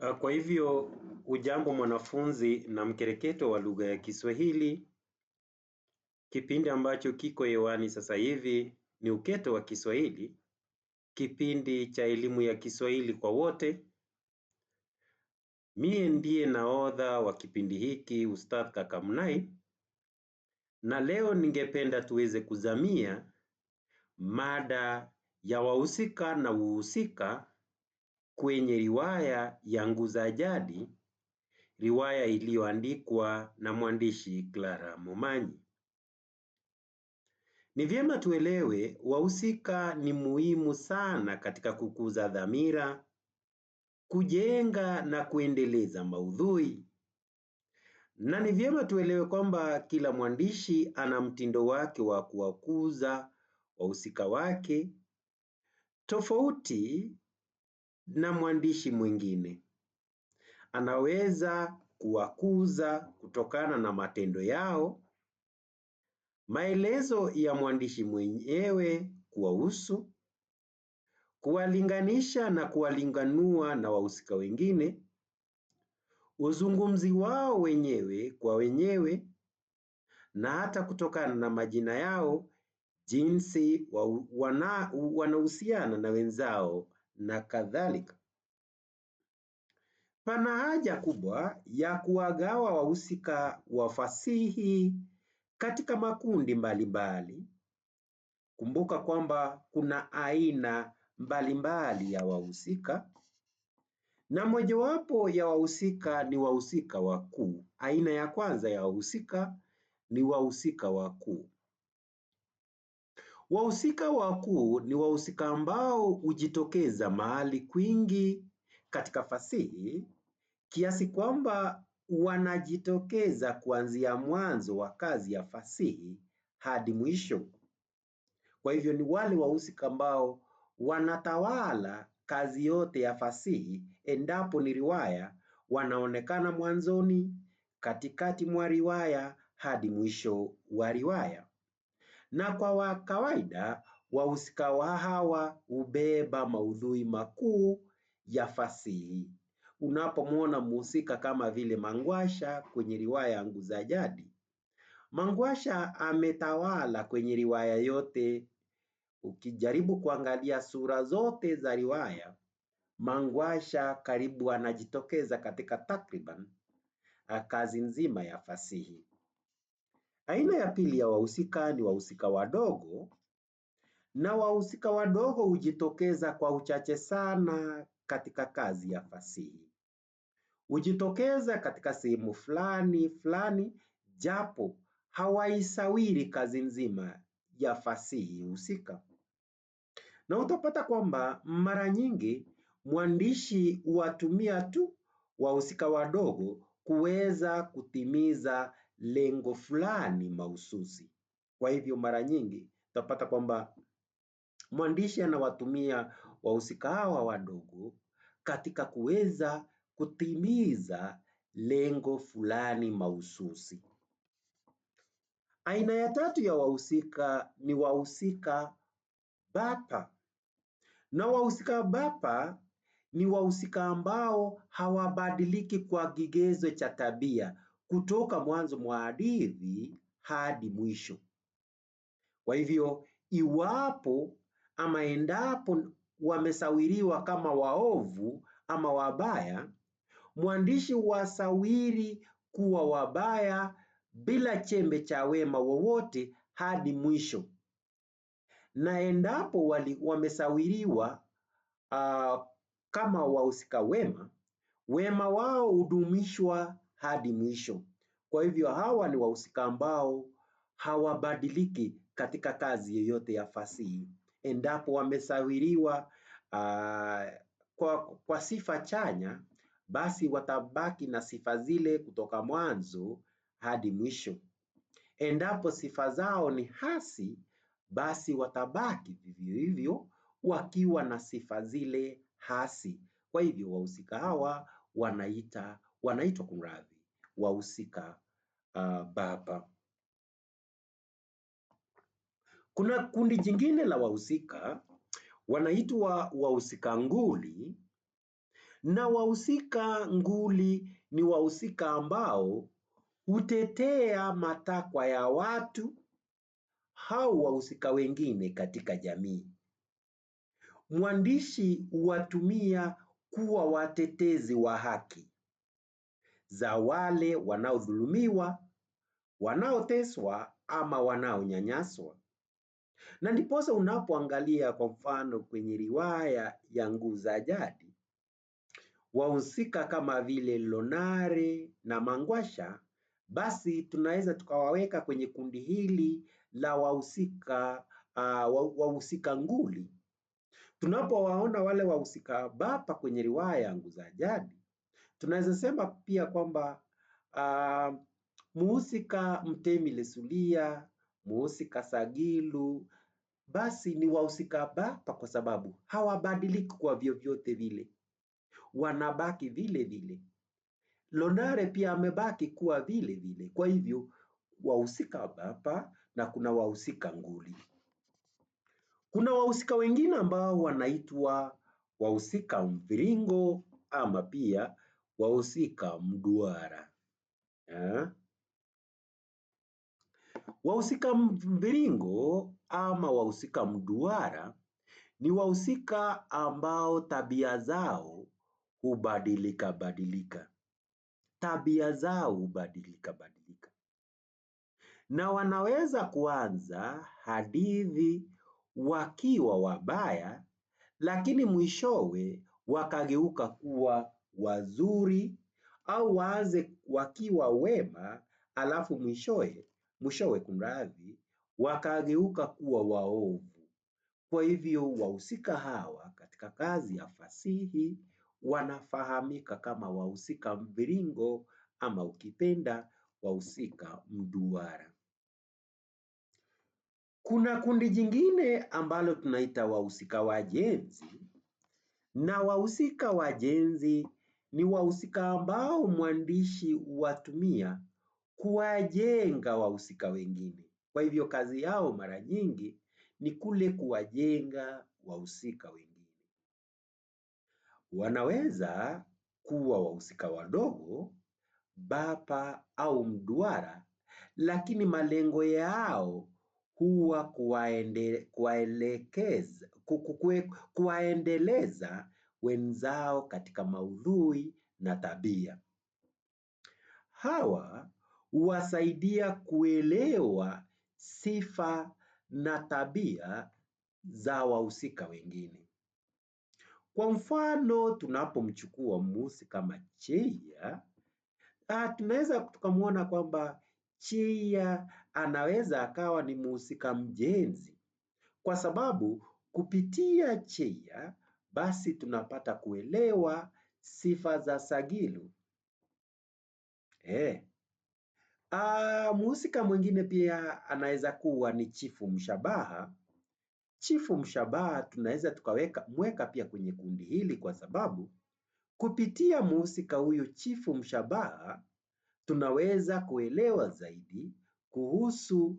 Eh, kwa hivyo ujambo mwanafunzi na mkereketo wa lugha ya kiswahili, kipindi ambacho kiko hewani sasa hivi ni uketo wa kiswahili, kipindi cha elimu ya kiswahili kwa wote. Mie ndiye naodha wa kipindi hiki Ustadh Kakamnai, na leo ningependa tuweze kuzamia mada ya wahusika na uhusika kwenye riwaya ya Nguza Jadi riwaya iliyoandikwa na mwandishi Clara Momanyi. Ni vyema tuelewe wahusika ni muhimu sana katika kukuza dhamira, kujenga na kuendeleza maudhui. Na ni vyema tuelewe kwamba kila mwandishi ana mtindo wake wa kuwakuza wahusika wake tofauti na mwandishi mwingine. Anaweza kuwakuza kutokana na matendo yao, maelezo ya mwandishi mwenyewe kuwahusu, kuwalinganisha na kuwalinganua na wahusika wengine, uzungumzi wao wenyewe kwa wenyewe, na hata kutokana na majina yao jinsi wanahusiana na wenzao na kadhalika. Pana haja kubwa ya kuwagawa wahusika wa fasihi katika makundi mbalimbali mbali. Kumbuka kwamba kuna aina mbalimbali mbali ya wahusika na mojawapo ya wahusika ni wahusika wakuu. Aina ya kwanza ya wahusika ni wahusika wakuu. Wahusika wakuu ni wahusika ambao hujitokeza mahali kwingi katika fasihi kiasi kwamba wanajitokeza kuanzia mwanzo wa kazi ya fasihi hadi mwisho. Kwa hivyo ni wale wahusika ambao wanatawala kazi yote ya fasihi endapo ni riwaya, wanaonekana mwanzoni, katikati mwa riwaya hadi mwisho wa riwaya na kwa kawaida wahusika hawa hubeba maudhui makuu ya fasihi. Unapomwona mhusika kama vile Mangwasha kwenye riwaya ya Nguu za Jadi, Mangwasha ametawala kwenye riwaya yote. Ukijaribu kuangalia sura zote za riwaya, Mangwasha karibu anajitokeza katika takriban kazi nzima ya fasihi. Aina ya pili ya wahusika ni wahusika wadogo na wahusika wadogo hujitokeza kwa uchache sana katika kazi ya fasihi. Hujitokeza katika sehemu fulani fulani japo hawaisawiri kazi nzima ya fasihi husika. Na utapata kwamba mara nyingi mwandishi huwatumia tu wahusika wadogo kuweza kutimiza lengo fulani mahususi. Kwa hivyo mara nyingi utapata kwamba mwandishi anawatumia wahusika hawa wadogo katika kuweza kutimiza lengo fulani mahususi. Aina ya tatu ya wahusika ni wahusika bapa, na wahusika bapa ni wahusika ambao hawabadiliki kwa kigezo cha tabia, kutoka mwanzo mwa hadithi hadi mwisho. Kwa hivyo, iwapo ama endapo wamesawiriwa kama waovu ama wabaya, mwandishi wasawiri kuwa wabaya bila chembe cha wema wowote hadi mwisho, na endapo wali, wamesawiriwa uh, kama wahusika wema, wema wao hudumishwa hadi mwisho. Kwa hivyo hawa ni wahusika ambao hawabadiliki katika kazi yoyote ya fasihi, endapo wamesawiriwa uh, kwa, kwa sifa chanya, basi watabaki na sifa zile kutoka mwanzo hadi mwisho. Endapo sifa zao ni hasi, basi watabaki vivyo hivyo wakiwa na sifa zile hasi. Kwa hivyo wahusika hawa wanaita wanaitwa kumradhi wahusika uh, ah, baba. Kuna kundi jingine la wahusika wanaitwa wahusika nguli, na wahusika nguli ni wahusika ambao hutetea matakwa ya watu au wahusika wengine katika jamii. Mwandishi huwatumia kuwa watetezi wa haki za wale wanaodhulumiwa, wanaoteswa ama wanaonyanyaswa. Na ndiposa unapoangalia kwa mfano kwenye riwaya ya Nguu za Jadi, wahusika kama vile Lonare na Mangwasha, basi tunaweza tukawaweka kwenye kundi hili la wahusika uh, wahusika nguli. Tunapowaona wale wahusika bapa kwenye riwaya ya Nguu za Jadi, Tunaweza sema pia kwamba uh, muhusika mtemi lesulia, muhusika sagilu, basi ni wahusika bapa kwa sababu hawabadiliki kwa vyovyote vile, wanabaki vile vile. Lonare pia amebaki kuwa vile vile. Kwa hivyo wahusika bapa na kuna wahusika nguli. Kuna wahusika wengine ambao wanaitwa wahusika mviringo ama pia Wahusika mduara ha? Wahusika mviringo ama wahusika mduara ni wahusika ambao tabia zao hubadilika badilika, tabia zao hubadilika badilika, na wanaweza kuanza hadithi wakiwa wabaya, lakini mwishowe wakageuka kuwa wazuri au waanze wakiwa wema alafu mwishowe mwishowe kumradhi wakageuka kuwa waovu. Kwa hivyo wahusika hawa katika kazi ya fasihi wanafahamika kama wahusika mviringo ama ukipenda wahusika mduara. Kuna kundi jingine ambalo tunaita wahusika wajenzi na wahusika wajenzi ni wahusika ambao mwandishi huwatumia kuwajenga wahusika wengine. Kwa hivyo kazi yao mara nyingi ni kule kuwajenga wahusika wengine. Wanaweza kuwa wahusika wadogo, bapa au mduara, lakini malengo yao huwa kuwaendeleza wenzao katika maudhui na tabia. Hawa huwasaidia kuelewa sifa na tabia za wahusika wengine. Kwa mfano tunapomchukua mhusika kama Cheia, ah, tunaweza tukamwona kwamba Cheia anaweza akawa ni mhusika mjenzi kwa sababu kupitia Cheia basi tunapata kuelewa sifa za Sagilu. Eh. Ah, mhusika mwingine pia anaweza kuwa ni chifu mshabaha. Chifu mshabaha tunaweza tukaweka mweka pia kwenye kundi hili kwa sababu kupitia mhusika huyu chifu mshabaha tunaweza kuelewa zaidi kuhusu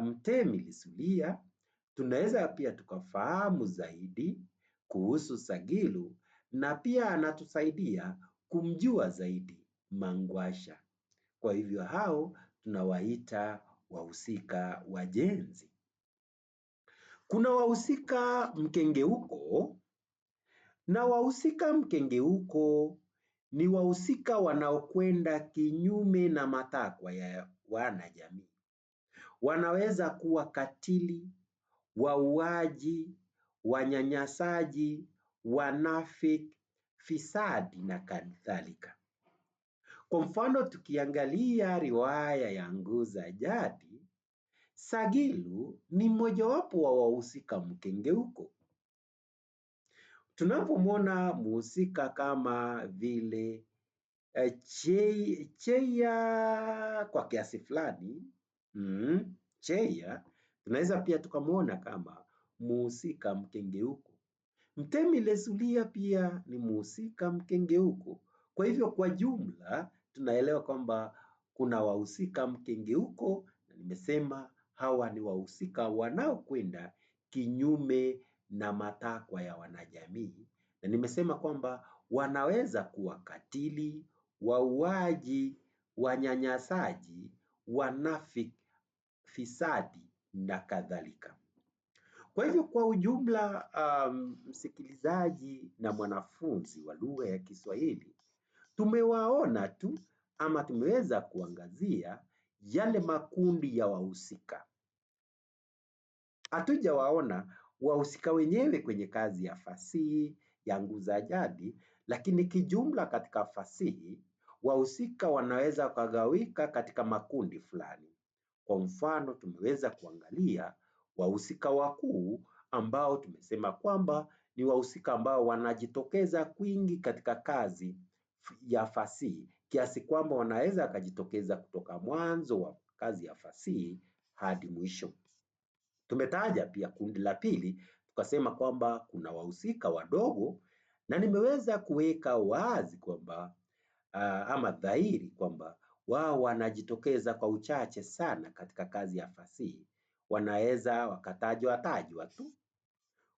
mtemi Lisulia Tunaweza pia tukafahamu zaidi kuhusu Sagilu na pia anatusaidia kumjua zaidi Mangwasha. Kwa hivyo hao tunawaita wahusika wajenzi. Kuna wahusika mkengeuko na wahusika mkengeuko ni wahusika wanaokwenda kinyume na matakwa ya wanajamii. Wanaweza kuwa katili wauaji, wanyanyasaji, wanafiki, fisadi na kadhalika. Kwa mfano tukiangalia riwaya ya Nguu za Jadi, Sagilu ni mmojawapo wa wahusika mkengeuko. Tunapomwona mhusika kama vile eh, Cheya kwa kiasi fulani mm, Cheya Tunaweza pia tukamwona kama muhusika mkengeuko. Mtemi lesulia pia ni muhusika mkengeuko. Kwa hivyo, kwa jumla tunaelewa kwamba kuna wahusika mkengeuko, na nimesema hawa ni wahusika wanaokwenda kinyume na matakwa ya wanajamii, na nimesema kwamba wanaweza kuwa katili, wauaji, wanyanyasaji, wanafiki, fisadi na kadhalika. Kwa hivyo kwa ujumla, um, msikilizaji na mwanafunzi wa lugha ya Kiswahili tumewaona tu ama tumeweza kuangazia yale makundi ya wahusika. Hatujawaona wahusika wenyewe kwenye kazi ya fasihi ya Nguza Jadi, lakini kijumla katika fasihi wahusika wanaweza kugawika katika makundi fulani. Kwa mfano tumeweza kuangalia wahusika wakuu ambao tumesema kwamba ni wahusika ambao wanajitokeza kwingi katika kazi ya fasihi kiasi kwamba wanaweza wakajitokeza kutoka mwanzo wa kazi ya fasihi hadi mwisho. Tumetaja pia kundi la pili tukasema kwamba kuna wahusika wadogo na nimeweza kuweka wazi kwamba ah, ama dhahiri kwamba wao wanajitokeza kwa uchache sana katika kazi ya fasihi, wanaweza wakatajwa tajwa tu.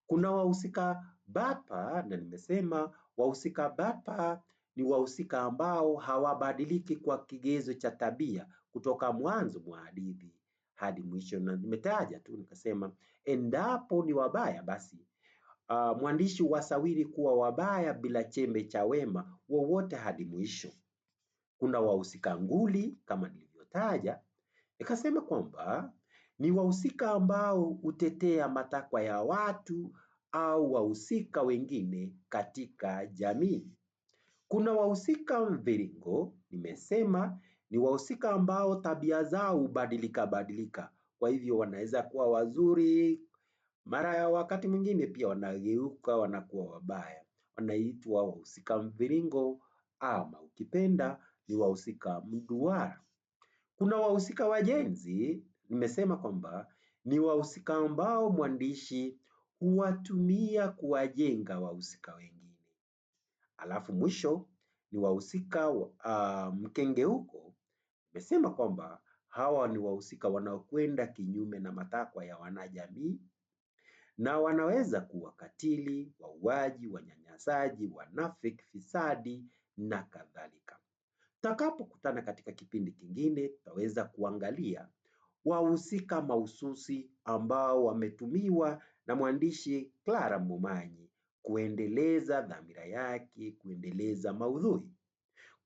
Kuna wahusika bapa na nimesema wahusika bapa ni wahusika ambao hawabadiliki kwa kigezo cha tabia kutoka mwanzo mwa hadithi hadi mwisho, na nimetaja tu nikasema endapo ni wabaya basi uh, mwandishi wasawiri kuwa wabaya bila chembe cha wema wowote hadi mwisho. Kuna wahusika nguli kama nilivyotaja, nikasema kwamba ni wahusika ambao hutetea matakwa ya watu au wahusika wengine katika jamii. Kuna wahusika mviringo, nimesema ni wahusika ambao tabia zao hubadilika badilika, kwa hivyo wanaweza kuwa wazuri, mara ya wakati mwingine pia wanageuka wanakuwa wabaya, wanaitwa wahusika mviringo ama ukipenda ni wahusika mduara. Kuna wahusika wajenzi, nimesema kwamba ni wahusika ambao mwandishi huwatumia kuwajenga wahusika wengine. Alafu mwisho ni wahusika uh, mkengeuko. Nimesema kwamba hawa ni wahusika wanaokwenda kinyume na matakwa ya wanajamii na wanaweza kuwa katili, wauaji, wanyanyasaji, wanafiki, fisadi na kadhalika. Tutakapokutana katika kipindi kingine tutaweza kuangalia wahusika mahususi ambao wametumiwa na mwandishi Clara Momanyi kuendeleza dhamira yake, kuendeleza maudhui.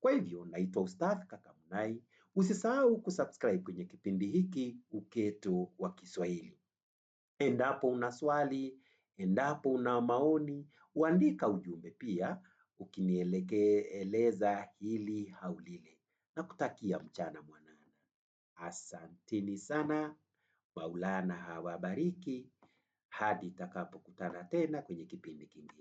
Kwa hivyo naitwa Ustadh Kakamnai. Usisahau kusubscribe kwenye kipindi hiki Uketo wa Kiswahili. Endapo una swali, endapo una maoni, uandika ujumbe pia ukinieleza hili au lile. Nakutakia mchana mwanana. Asanteni sana, Maulana hawabariki hadi takapokutana tena kwenye kipindi kingine.